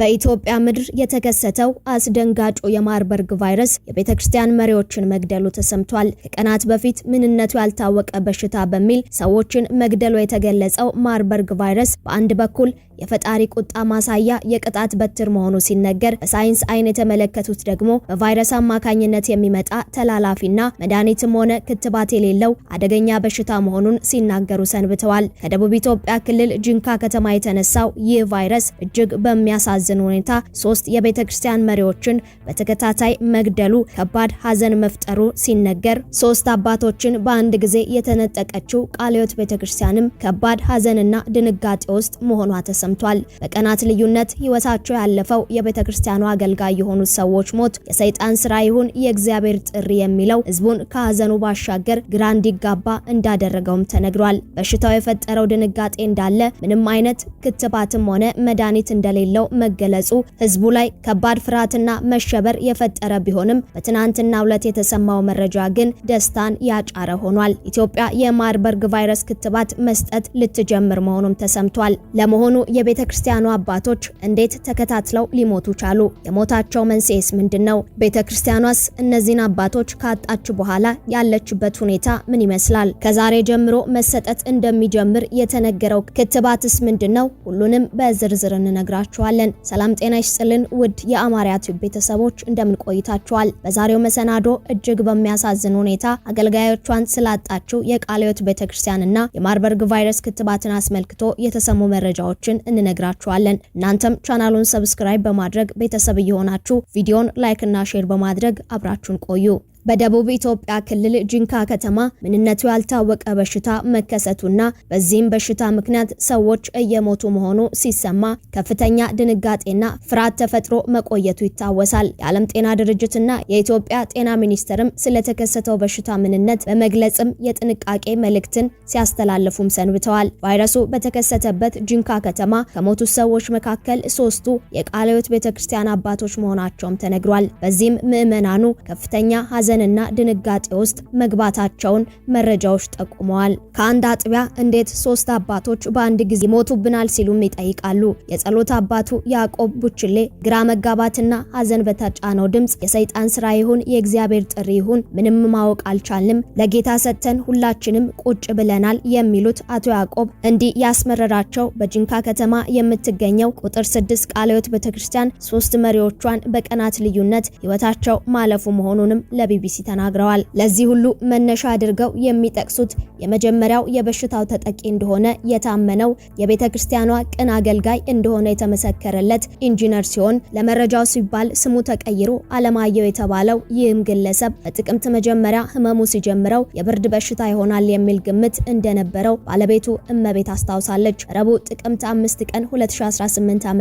በኢትዮጵያ ምድር የተከሰተው አስደንጋጩ የማርበርግ ቫይረስ የቤተ ክርስቲያን መሪዎችን መግደሉ ተሰምቷል። ከቀናት በፊት ምንነቱ ያልታወቀ በሽታ በሚል ሰዎችን መግደሉ የተገለጸው ማርበርግ ቫይረስ በአንድ በኩል የፈጣሪ ቁጣ ማሳያ የቅጣት በትር መሆኑ ሲነገር፣ በሳይንስ አይን የተመለከቱት ደግሞ በቫይረስ አማካኝነት የሚመጣ ተላላፊና መድኃኒትም ሆነ ክትባት የሌለው አደገኛ በሽታ መሆኑን ሲናገሩ ሰንብተዋል። ከደቡብ ኢትዮጵያ ክልል ጂንካ ከተማ የተነሳው ይህ ቫይረስ እጅግ በሚያሳዝን ሁኔታ ሶስት የቤተ ክርስቲያን መሪዎችን በተከታታይ መግደሉ ከባድ ሀዘን መፍጠሩ ሲነገር ሶስት አባቶችን በአንድ ጊዜ የተነጠቀችው ቃለ ሕይወት ቤተ ክርስቲያንም ከባድ ሀዘንና ድንጋጤ ውስጥ መሆኗ ተሰምቷል። ተሰምቷል። በቀናት ልዩነት ህይወታቸው ያለፈው የቤተ ክርስቲያኑ አገልጋይ የሆኑት ሰዎች ሞት የሰይጣን ስራ ይሁን የእግዚአብሔር ጥሪ የሚለው ህዝቡን ከሀዘኑ ባሻገር ግራ እንዲጋባ እንዳደረገውም ተነግሯል። በሽታው የፈጠረው ድንጋጤ እንዳለ ምንም አይነት ክትባትም ሆነ መድኃኒት እንደሌለው መገለጹ ህዝቡ ላይ ከባድ ፍርሃትና መሸበር የፈጠረ ቢሆንም በትናንትናው ዕለት የተሰማው መረጃ ግን ደስታን ያጫረ ሆኗል። ኢትዮጵያ የማርበርግ ቫይረስ ክትባት መስጠት ልትጀምር መሆኑም ተሰምቷል። ለመሆኑ የቤተ ክርስቲያኑ አባቶች እንዴት ተከታትለው ሊሞቱ ቻሉ? የሞታቸው መንስኤስ ምንድን ነው? ቤተ ክርስቲያኗስ እነዚህን አባቶች ካጣች በኋላ ያለችበት ሁኔታ ምን ይመስላል? ከዛሬ ጀምሮ መሰጠት እንደሚጀምር የተነገረው ክትባትስ ምንድን ነው? ሁሉንም በዝርዝር እንነግራችኋለን። ሰላም ጤና ይስጥልን ውድ የአማርያ ቲዩብ ቤተሰቦች እንደምን ቆይታችኋል? በዛሬው መሰናዶ እጅግ በሚያሳዝን ሁኔታ አገልጋዮቿን ስላጣችው የቃለ ሕይወት ክርስቲያንና የማርበርግ ቫይረስ ክትባትን አስመልክቶ የተሰሙ መረጃዎችን እንነግራችኋለን። እናንተም ቻናሉን ሰብስክራይብ በማድረግ ቤተሰብ እየሆናችሁ ቪዲዮን ላይክ እና ሼር በማድረግ አብራችሁን ቆዩ። በደቡብ ኢትዮጵያ ክልል ጂንካ ከተማ ምንነቱ ያልታወቀ በሽታ መከሰቱና በዚህም በሽታ ምክንያት ሰዎች እየሞቱ መሆኑ ሲሰማ ከፍተኛ ድንጋጤና ፍርሃት ተፈጥሮ መቆየቱ ይታወሳል። የዓለም ጤና ድርጅትና የኢትዮጵያ ጤና ሚኒስቴርም ስለተከሰተው በሽታ ምንነት በመግለጽም የጥንቃቄ መልእክትን ሲያስተላልፉም ሰንብተዋል። ቫይረሱ በተከሰተበት ጂንካ ከተማ ከሞቱ ሰዎች መካከል ሶስቱ የቃለ ሕይወት ቤተክርስቲያን አባቶች መሆናቸውም ተነግሯል። በዚህም ምዕመናኑ ከፍተኛ ሀዘን ሐዘንና ድንጋጤ ውስጥ መግባታቸውን መረጃዎች ጠቁመዋል። ከአንድ አጥቢያ እንዴት ሶስት አባቶች በአንድ ጊዜ ሞቱብናል ሲሉም ይጠይቃሉ። የጸሎት አባቱ ያዕቆብ ቡችሌ ግራ መጋባትና ሐዘን በተጫነው ድምፅ የሰይጣን ስራ ይሁን የእግዚአብሔር ጥሪ ይሁን ምንም ማወቅ አልቻልንም፣ ለጌታ ሰጥተን ሁላችንም ቁጭ ብለናል የሚሉት አቶ ያዕቆብ እንዲህ ያስመረራቸው በጂንካ ከተማ የምትገኘው ቁጥር ስድስት ቃላዮት ቤተክርስቲያን ሶስት መሪዎቿን በቀናት ልዩነት ህይወታቸው ማለፉ መሆኑንም ለቢ ለቢቢሲ ተናግረዋል። ለዚህ ሁሉ መነሻ አድርገው የሚጠቅሱት የመጀመሪያው የበሽታው ተጠቂ እንደሆነ የታመነው የቤተ ክርስቲያኗ ቅን አገልጋይ እንደሆነ የተመሰከረለት ኢንጂነር ሲሆን ለመረጃው ሲባል ስሙ ተቀይሮ አለማየሁ የተባለው ይህም ግለሰብ በጥቅምት መጀመሪያ ህመሙ ሲጀምረው የብርድ በሽታ ይሆናል የሚል ግምት እንደነበረው ባለቤቱ እመቤት አስታውሳለች። ረቡዕ ጥቅምት 5 ቀን 2018 ዓ.ም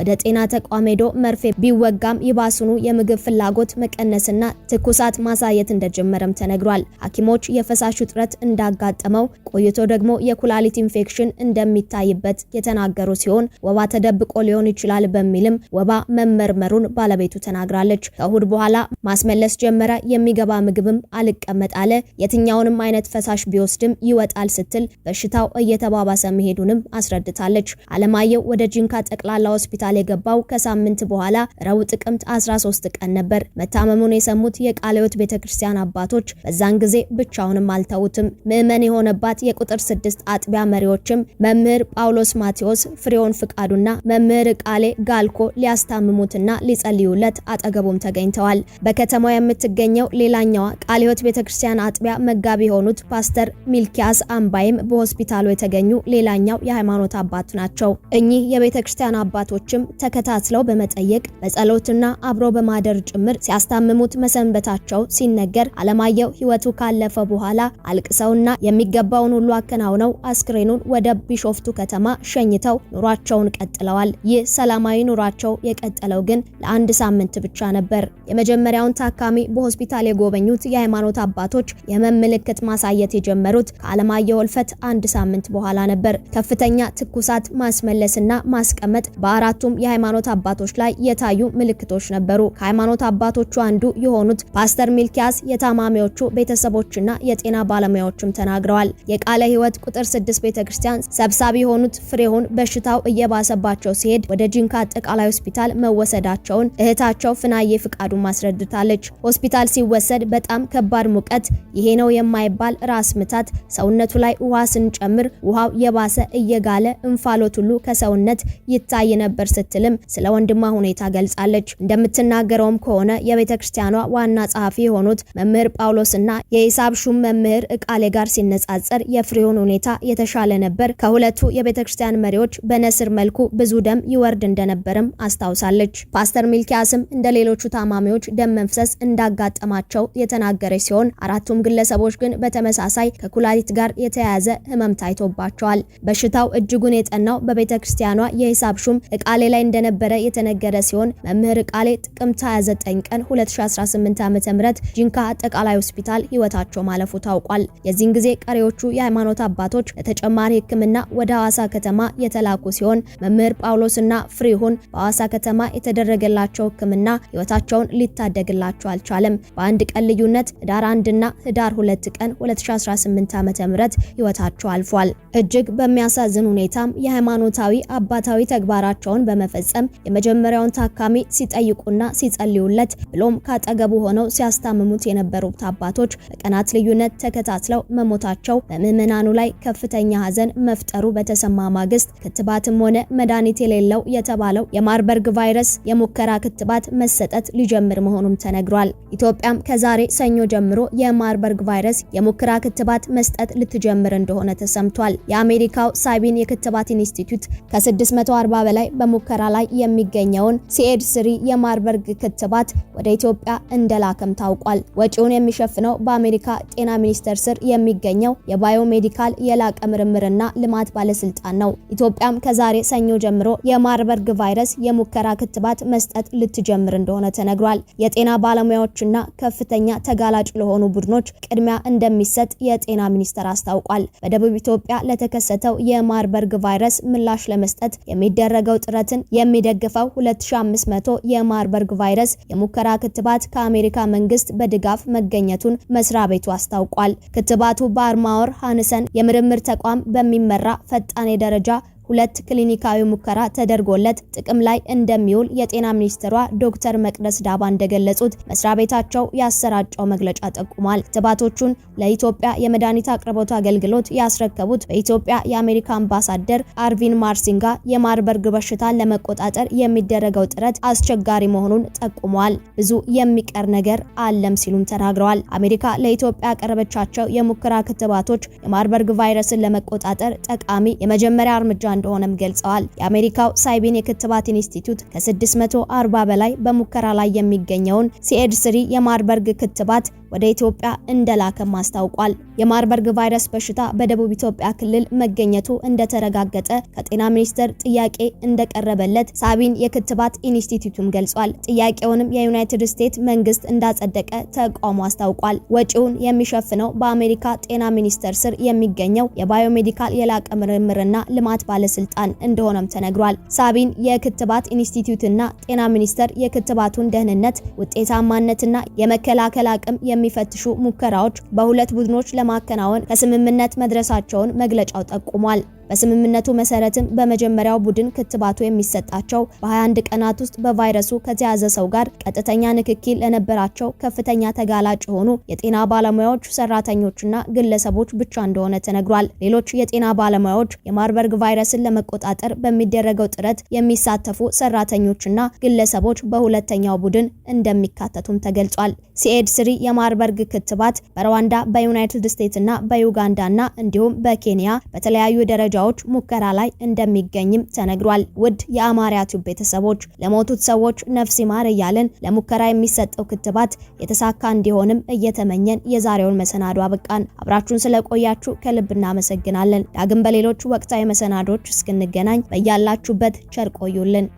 ወደ ጤና ተቋም ሄዶ መርፌ ቢወጋም ይባስኑ የምግብ ፍላጎት መቀነስና ትኩስ በመውሳት ማሳየት እንደጀመረም ተነግሯል። ሐኪሞች የፈሳሽ ውጥረት እንዳጋጠመው ቆይቶ ደግሞ የኩላሊት ኢንፌክሽን እንደሚታይበት የተናገሩ ሲሆን ወባ ተደብቆ ሊሆን ይችላል በሚልም ወባ መመርመሩን ባለቤቱ ተናግራለች። ከእሁድ በኋላ ማስመለስ ጀመረ። የሚገባ ምግብም አልቀመጥ አለ። የትኛውንም አይነት ፈሳሽ ቢወስድም ይወጣል ስትል በሽታው እየተባባሰ መሄዱንም አስረድታለች። አለማየሁ ወደ ጂንካ ጠቅላላ ሆስፒታል የገባው ከሳምንት በኋላ ረቡዕ ጥቅምት 13 ቀን ነበር። መታመሙን የሰሙት የቃ ቤተ ቤተክርስቲያን አባቶች በዛን ጊዜ ብቻውንም አልተውትም። ምዕመን የሆነባት የቁጥር ስድስት አጥቢያ መሪዎችም መምህር ጳውሎስ ማቴዎስ፣ ፍሬውን ፍቃዱና መምህር ቃሌ ጋልኮ ሊያስታምሙትና ሊጸልዩለት አጠገቡም ተገኝተዋል። በከተማው የምትገኘው ሌላኛዋ ቃለ ሕይወት ቤተክርስቲያን አጥቢያ መጋቢ የሆኑት ፓስተር ሚልኪያስ አምባይም በሆስፒታሉ የተገኙ ሌላኛው የሃይማኖት አባት ናቸው። እኚህ የቤተክርስቲያን አባቶችም ተከታትለው በመጠየቅ በጸሎትና አብሮ በማደር ጭምር ሲያስታምሙት መሰንበታቸው መሆናቸው ሲነገር አለማየሁ ህይወቱ ካለፈ በኋላ አልቅሰውና የሚገባውን ሁሉ አከናውነው አስክሬኑን ወደ ቢሾፍቱ ከተማ ሸኝተው ኑሯቸውን ቀጥለዋል። ይህ ሰላማዊ ኑሯቸው የቀጠለው ግን ለአንድ ሳምንት ብቻ ነበር። የመጀመሪያውን ታካሚ በሆስፒታል የጎበኙት የሃይማኖት አባቶች የህመም ምልክት ማሳየት የጀመሩት ከአለማየሁ ህልፈት አንድ ሳምንት በኋላ ነበር። ከፍተኛ ትኩሳት፣ ማስመለስና ማስቀመጥ በአራቱም የሃይማኖት አባቶች ላይ የታዩ ምልክቶች ነበሩ። ከሃይማኖት አባቶቹ አንዱ የሆኑት ፓስተር ሚልኪያስ የታማሚዎቹ ቤተሰቦችና የጤና ባለሙያዎችም ተናግረዋል። የቃለ ሕይወት ቁጥር ስድስት ቤተ ክርስቲያን ሰብሳቢ የሆኑት ፍሬሁን በሽታው እየባሰባቸው ሲሄድ ወደ ጂንካ አጠቃላይ ሆስፒታል መወሰዳቸውን እህታቸው ፍናዬ ፍቃዱን ማስረድታለች። ሆስፒታል ሲወሰድ በጣም ከባድ ሙቀት፣ ይሄ ነው የማይባል ራስ ምታት፣ ሰውነቱ ላይ ውሃ ስንጨምር ውሃው የባሰ እየጋለ እንፋሎት ሁሉ ከሰውነት ይታይ ነበር ስትልም ስለ ወንድሟ ሁኔታ ገልጻለች። እንደምትናገረውም ከሆነ የቤተ ክርስቲያኗ ዋና ጸሐፊ የሆኑት መምህር ጳውሎስ እና የሂሳብ ሹም መምህር እቃሌ ጋር ሲነጻጸር የፍሬውን ሁኔታ የተሻለ ነበር። ከሁለቱ የቤተ ክርስቲያን መሪዎች በነስር መልኩ ብዙ ደም ይወርድ እንደነበርም አስታውሳለች። ፓስተር ሚልኪያስም እንደ ሌሎቹ ታማሚዎች ደም መፍሰስ እንዳጋጠማቸው የተናገረች ሲሆን አራቱም ግለሰቦች ግን በተመሳሳይ ከኩላሊት ጋር የተያያዘ ህመም ታይቶባቸዋል። በሽታው እጅጉን የጠናው በቤተ ክርስቲያኗ የሂሳብ ሹም እቃሌ ላይ እንደነበረ የተነገረ ሲሆን መምህር እቃሌ ጥቅምት 29 ቀን 2018 ዓ ዓ.ም ጂንካ አጠቃላይ ሆስፒታል ህይወታቸው ማለፉ ታውቋል። የዚህን ጊዜ ቀሪዎቹ የሃይማኖት አባቶች ለተጨማሪ ህክምና ወደ ሐዋሳ ከተማ የተላኩ ሲሆን መምህር ጳውሎስና ፍሪሁን በሐዋሳ ከተማ የተደረገላቸው ሕክምና ህይወታቸውን ሊታደግላቸው አልቻለም። በአንድ ቀን ልዩነት ህዳር 1ና ህዳር 2 ቀን 2018 ዓ.ም ህይወታቸው አልፏል። እጅግ በሚያሳዝን ሁኔታም የሃይማኖታዊ አባታዊ ተግባራቸውን በመፈጸም የመጀመሪያውን ታካሚ ሲጠይቁና ሲጸልዩለት ብሎም ካጠገቡ ሆነው ሲያስታምሙት የነበሩት አባቶች በቀናት ልዩነት ተከታትለው መሞታቸው በምዕመናኑ ላይ ከፍተኛ ሐዘን መፍጠሩ በተሰማ ማግስት ክትባትም ሆነ መድኃኒት የሌለው የተባለው የማርበርግ ቫይረስ የሙከራ ክትባት መሰጠት ሊጀምር መሆኑም ተነግሯል። ኢትዮጵያም ከዛሬ ሰኞ ጀምሮ የማርበርግ ቫይረስ የሙከራ ክትባት መስጠት ልትጀምር እንደሆነ ተሰምቷል። የአሜሪካው ሳቢን የክትባት ኢንስቲትዩት ከ640 በላይ በሙከራ ላይ የሚገኘውን ሲኤድ ስሪ የማርበርግ ክትባት ወደ ኢትዮጵያ እንደላከ መላክም ታውቋል። ወጪውን የሚሸፍነው በአሜሪካ ጤና ሚኒስቴር ስር የሚገኘው የባዮሜዲካል የላቀ ምርምርና ልማት ባለስልጣን ነው። ኢትዮጵያም ከዛሬ ሰኞ ጀምሮ የማርበርግ ቫይረስ የሙከራ ክትባት መስጠት ልትጀምር እንደሆነ ተነግሯል። የጤና ባለሙያዎችና ከፍተኛ ተጋላጭ ለሆኑ ቡድኖች ቅድሚያ እንደሚሰጥ የጤና ሚኒስቴር አስታውቋል። በደቡብ ኢትዮጵያ ለተከሰተው የማርበርግ ቫይረስ ምላሽ ለመስጠት የሚደረገው ጥረትን የሚደግፈው 2500 የማርበርግ ቫይረስ የሙከራ ክትባት ከአሜሪካ መንግስት በድጋፍ መገኘቱን መስሪያ ቤቱ አስታውቋል። ክትባቱ በአርማወር ሃንሰን የምርምር ተቋም በሚመራ ፈጣን የደረጃ ሁለት ክሊኒካዊ ሙከራ ተደርጎለት ጥቅም ላይ እንደሚውል የጤና ሚኒስትሯ ዶክተር መቅደስ ዳባ እንደገለጹት መስሪያ ቤታቸው ያሰራጨው መግለጫ ጠቁሟል። ክትባቶቹን ለኢትዮጵያ የመድኃኒት አቅርቦት አገልግሎት ያስረከቡት በኢትዮጵያ የአሜሪካ አምባሳደር አርቪን ማርሲንጋ የማርበርግ በሽታን ለመቆጣጠር የሚደረገው ጥረት አስቸጋሪ መሆኑን ጠቁሟል። ብዙ የሚቀር ነገር አለም ሲሉም ተናግረዋል። አሜሪካ ለኢትዮጵያ ያቀረበቻቸው የሙከራ ክትባቶች የማርበርግ ቫይረስን ለመቆጣጠር ጠቃሚ የመጀመሪያ እርምጃ እንደሆነም ገልጸዋል። የአሜሪካው ሳይቢን የክትባት ኢንስቲትዩት ከ640 በላይ በሙከራ ላይ የሚገኘውን ሲኤድ ስሪ የማርበርግ ክትባት ወደ ኢትዮጵያ እንደላከም አስታውቋል። የማርበርግ ቫይረስ በሽታ በደቡብ ኢትዮጵያ ክልል መገኘቱ እንደተረጋገጠ ከጤና ሚኒስቴር ጥያቄ እንደቀረበለት ሳቢን የክትባት ኢንስቲትዩቱም ገልጿል። ጥያቄውንም የዩናይትድ ስቴትስ መንግስት እንዳጸደቀ ተቋሙ አስታውቋል። ወጪውን የሚሸፍነው በአሜሪካ ጤና ሚኒስቴር ስር የሚገኘው የባዮሜዲካል የላቀ ምርምርና ልማት ባለስልጣን እንደሆነም ተነግሯል። ሳቢን የክትባት ኢንስቲትዩትና ጤና ሚኒስቴር የክትባቱን ደህንነት ውጤታማነትና የመከላከል አቅም የሚፈትሹ ሙከራዎች በሁለት ቡድኖች ለማከናወን ከስምምነት መድረሳቸውን መግለጫው ጠቁሟል። በስምምነቱ መሰረትም በመጀመሪያው ቡድን ክትባቱ የሚሰጣቸው በ21 ቀናት ውስጥ በቫይረሱ ከተያዘ ሰው ጋር ቀጥተኛ ንክኪ ለነበራቸው ከፍተኛ ተጋላጭ የሆኑ የጤና ባለሙያዎች፣ ሰራተኞችና ግለሰቦች ብቻ እንደሆነ ተነግሯል። ሌሎች የጤና ባለሙያዎች የማርበርግ ቫይረስን ለመቆጣጠር በሚደረገው ጥረት የሚሳተፉ ሰራተኞችና ግለሰቦች በሁለተኛው ቡድን እንደሚካተቱም ተገልጿል። ሲኤድ ስሪ የማርበርግ ክትባት በሩዋንዳ፣ በዩናይትድ ስቴትስና በዩጋንዳና እንዲሁም በኬንያ በተለያዩ ደረጃ መረጃዎች ሙከራ ላይ እንደሚገኝም ተነግሯል። ውድ የአማርያ ቲዩብ ቤተሰቦች ለሞቱት ሰዎች ነፍስ ይማር እያልን ለሙከራ የሚሰጠው ክትባት የተሳካ እንዲሆንም እየተመኘን የዛሬውን መሰናዶ አበቃን። አብራችሁን ስለቆያችሁ ከልብ እናመሰግናለን። ዳግም በሌሎች ወቅታዊ መሰናዶች እስክንገናኝ በያላችሁበት ቸር ቆዩልን።